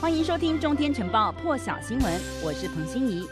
歡迎收聽《中天晨報》破曉新聞，我是彭欣怡。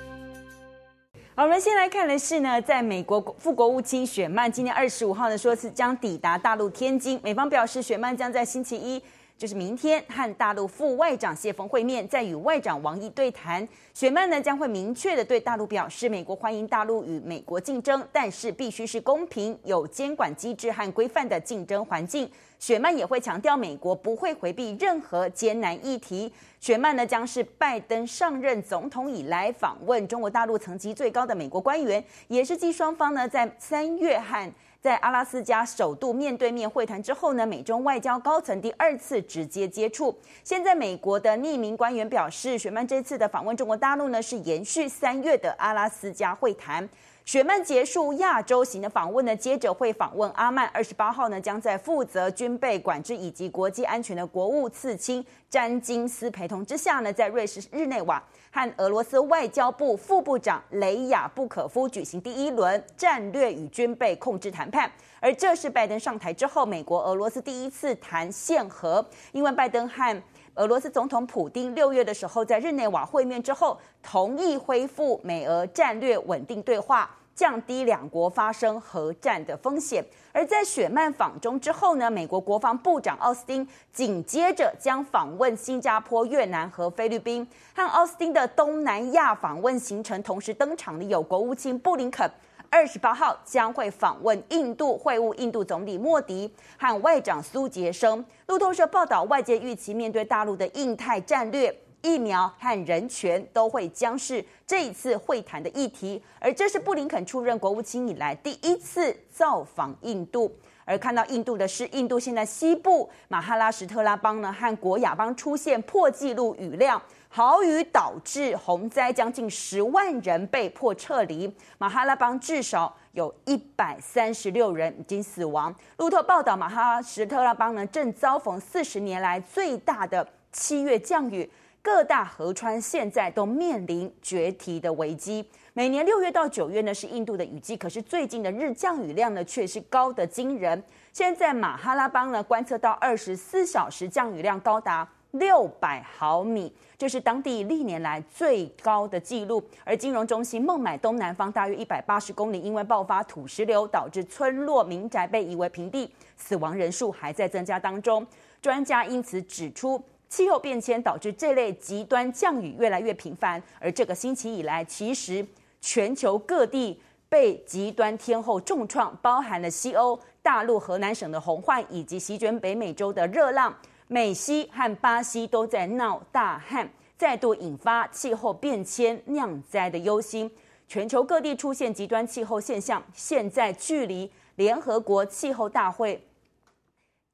我們先來看的是呢，在美國副國務卿雪蔓今天二十五號的說是將抵達大陸天津。美方表示，雪蔓將在星期一，就是明天，和大陸副外長謝鋒會面，再與外長王毅對談。雪蔓呢，將會明確的對大陸表示，美國歡迎大陸與美國競爭，但是必須是公平、有監管機制和規範的競爭環境。雪蔓也會強調，美國不會回避任何艱難議題。雪蔓呢，將是拜登上任總統以來訪問中國大陸層級最高的美國官員，也是繼雙方呢在三月和在阿拉斯加首度面對面會談之後呢，美中外交高層第二次直接接觸。現在，美國的匿名官員表示，雪蔓這次的訪問中國大陸呢，是延續三月的阿拉斯加會談。雪曼結束亞洲行的訪問呢，接着會訪問阿曼。二十八號呢，將在負責軍備管制以及國際安全的國務次卿詹金斯陪同之下呢，在瑞士日內瓦和俄羅斯外交部副部長雷雅布可夫舉行第一輪戰略與軍備控制談判。而這是拜登上台之後，美國俄羅斯第一次談限核，因為拜登和。俄羅斯總統普丁六月的時候在日內瓦會面之後，同意恢復美俄戰略穩定對話，降低兩國發生核戰的風險。而在雪蔓訪中之後呢，美國國防部長奧斯汀緊接着將訪問新加坡、越南和菲律賓。和奧斯汀的東南亞訪問行程同時登場的有國務卿布林肯。二十八號將會訪問印度，會晤印度總理莫迪和外長蘇傑生。路透社報道，外界預期面對大陸的印太戰略、疫苗和人權都會將是這一次會談的議題。而這是布林肯出任國務卿以來第一次造訪印度。而看到印度的是，印度現在西部馬哈拉什特拉邦呢和果亞邦出現破紀錄雨量，豪雨導致洪災，將近十萬人被迫撤離。馬哈拉邦至少有一百三十六人已經死亡。路透報道，馬哈拉什特拉邦呢正遭逢四十年來最大的七月降雨。各大河川現在都面臨決堤的危機。每年六月到九月呢是印度的雨季，可是最近的日降雨量呢卻是高得驚人。現在馬哈拉邦呢觀測到二十四小時降雨量高達六百毫米，這是當地歷年來最高的記錄。而金融中心孟買東南方大約一百八十公里，因為爆發土石流導致村落民宅被夷為平地，死亡人數還在增加當中。專家因此指出。氣候變遷導致這類極端降雨越來越頻繁，而這個星期以來，其實全球各地被極端天候重創，包含了西歐、大陸河南省的洪患，以及席捲北美洲的熱浪。美西和巴西都在鬧大旱，再度引發氣候變遷釀災的憂心。全球各地出現極端氣候現象，現在距離聯合國氣候大會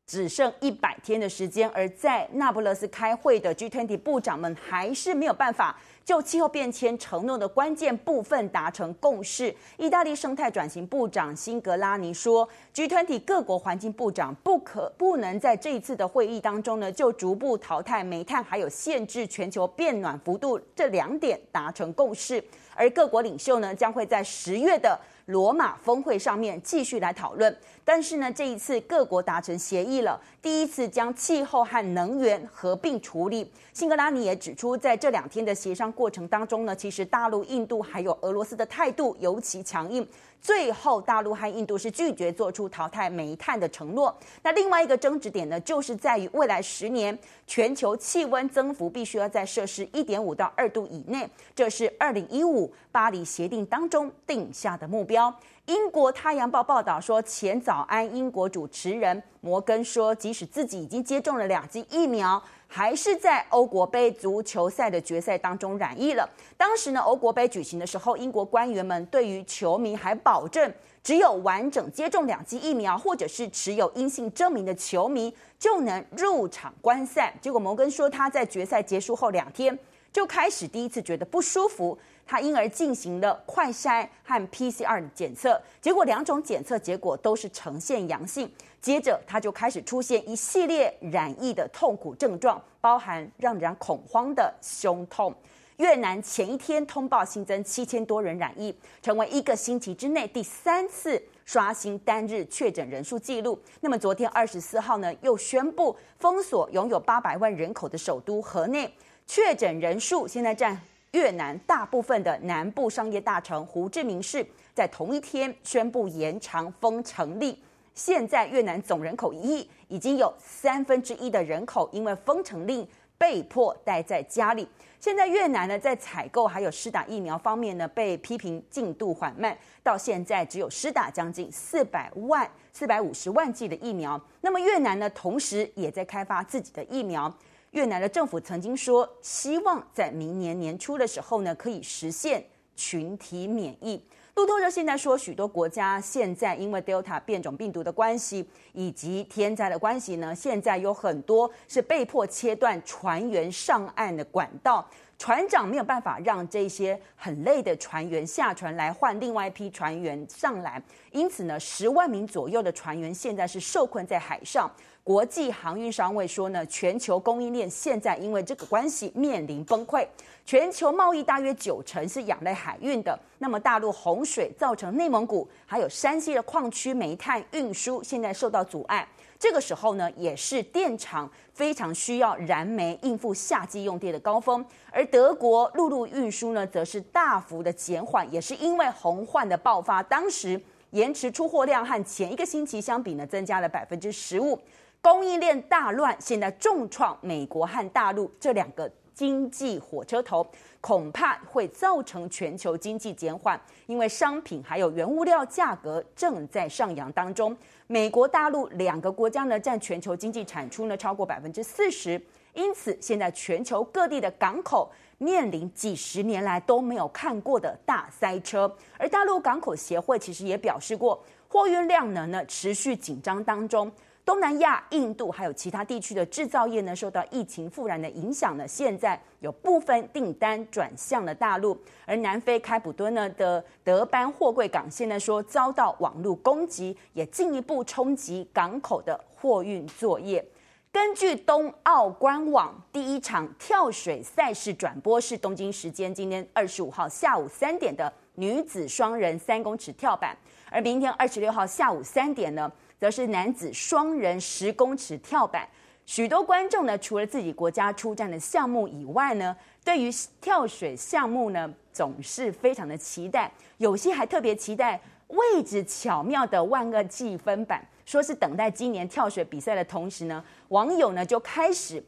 只剩一百天的時間，而在那不勒斯開會的 G20 部長們還是沒有辦法就氣候變遷承諾的關鍵部分達成共識。意大利生態轉型部長辛格拉尼說：“G20 各國環境部長不可不能在這一次的會議當中呢，就逐步淘汰煤炭還有限制全球變暖幅度這兩點達成共識。而各國領袖呢，將會在十月的，”羅馬峰會上面繼續來討論，但是呢，這一次各國達成協議了，第一次將氣候和能源合併處理。辛格拉尼也指出，在這兩天的協商過程當中呢，其實大陸、印度還有俄羅斯的態度尤其強硬。最後，大陸和印度是拒絕做出淘汰煤炭的承諾。那另外一個爭執點呢，就是在於未來十年全球氣溫增幅必須要在攝氏一點五到二度以內，這是二零一五巴黎協定當中定下的目標。標英國太陽報報道說，前早安英國主持人摩根說，即使自己已經接種了兩劑疫苗，還是在歐國盃足球賽的決賽當中染疫了。當時呢，歐國盃舉行的時候，英國官員們對於球迷還保證，只有完整接種兩劑疫苗或者是持有陰性證明的球迷就能入場觀賽。結果摩根說，他在決賽結束後兩天，就開始第一次覺得不舒服，他因而進行了快篩和 PCR 檢測，結果兩種檢測結果都是呈現陽性。接着他就開始出現一系列染疫的痛苦症狀，包含讓人恐慌的胸痛。越南前一天通報新增七千多人染疫，成為一個星期之內第三次刷新單日確診人數記錄。那麼昨天二十四號呢，又宣布封鎖擁有八百萬人口的首都河內。確診人數現在占越南大部分的南部商業大城胡志明市，在同一天宣布延長封城令。現在越南總人口一億，已經有三分之一的人口因為封城令被迫待在家裡。現在越南呢，在採購還有施打疫苗方面呢，被批評進度緩慢。到現在只有施打將近四百萬、四百五十萬劑的疫苗。那麼越南呢，同時也在開發自己的疫苗。越南的政府曾經說，希望在明年年初的時候呢，可以實現群體免疫。路透社現在說，許多國家現在因為 Delta 變種病毒的關係以及天災的關係呢，現在有很多是被迫切斷船員上岸的管道，船長沒有辦法讓這些很累的船員下船來換另外一批船員上來，因此呢，十萬名左右的船員現在是受困在海上。國際航運商會說呢，全球供應鏈現在因為這個關係面臨崩潰。全球貿易大約九成是仰賴海運的。那麼，大陸洪水造成內蒙古還有山西的礦區煤炭運輸現在受到阻礙。這個時候呢，也是電廠非常需要燃煤應付夏季用電的高峰。而德國陸路運輸呢，則是大幅的減緩，也是因為洪患的爆發。當時延遲出貨量和前一個星期相比呢，增加了百分之十五。供應鏈大亂，現在重創美國和大陸這兩個經濟火車頭，恐怕會造成全球經濟減緩。因為商品還有原物料價格正在上揚當中。美國、大陸兩個國家呢，占全球經濟產出呢超過百分之四十。因此，現在全球各地的港口面臨幾十年來都沒有看過的大塞車。而大陸港口協會其實也表示過，貨運量能呢持續緊張當中。東南亞、印度還有其他地區的製造業呢，受到疫情復燃的影響呢，現在有部分訂單轉向了大陸。而南非開普敦呢的德、德班貨櫃港，現在說遭到網絡攻擊，也進一步衝擊港口的貨運作業。根據東奧官網，第一場跳水賽事轉播是東京時間今天二十五號下午三點的女子雙人三公尺跳板，而明天二十六號下午三點呢，則是男子雙人十公尺跳板。許多觀眾呢，除了自己國家出戰的項目以外呢，對於跳水項目呢，總是非常的期待。有些還特別期待位置巧妙的萬惡計分板。說是等待今年跳水比賽的同時呢，網友呢就開始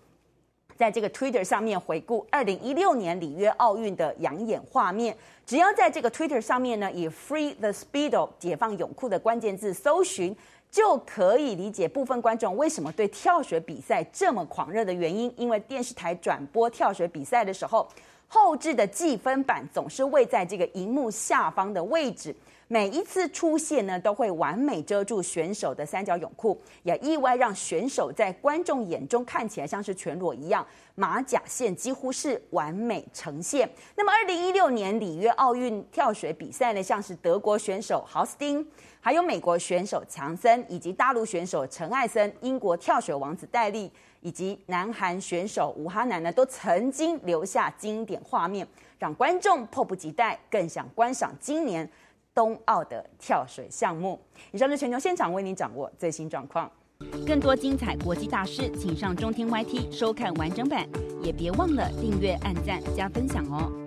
在這個 Twitter 上面回顧二零一六年里約奧運的養眼畫面。只要在這個 Twitter 上面呢，以 “Free the Speedo” 解放泳褲的關鍵字搜尋。就可以理解部分觀眾為什麼對跳水比賽這麼狂熱的原因，因為電視台轉播跳水比賽的時候。後製的計分板總是位在這個螢幕下方的位置，每一次出現呢，都會完美遮住選手的三角泳褲，也意外讓選手在觀眾眼中看起來像是全裸一樣，馬甲線幾乎是完美呈現。那麼，二零一六年里約奧運跳水比賽呢，像是德國選手豪斯汀，還有美國選手強森，以及大陸選手陳艾森，英國跳水王子戴利。以及南韓選手伍哈南呢，都曾經留下經典畫面，讓觀眾迫不及待更想觀賞今年東奧的跳水項目。以上就是全球現場，我為您掌握最新狀況，更多精彩國際大事，請上中天 YT 收看完整版，也別忘了訂閱、按讚、加分享哦。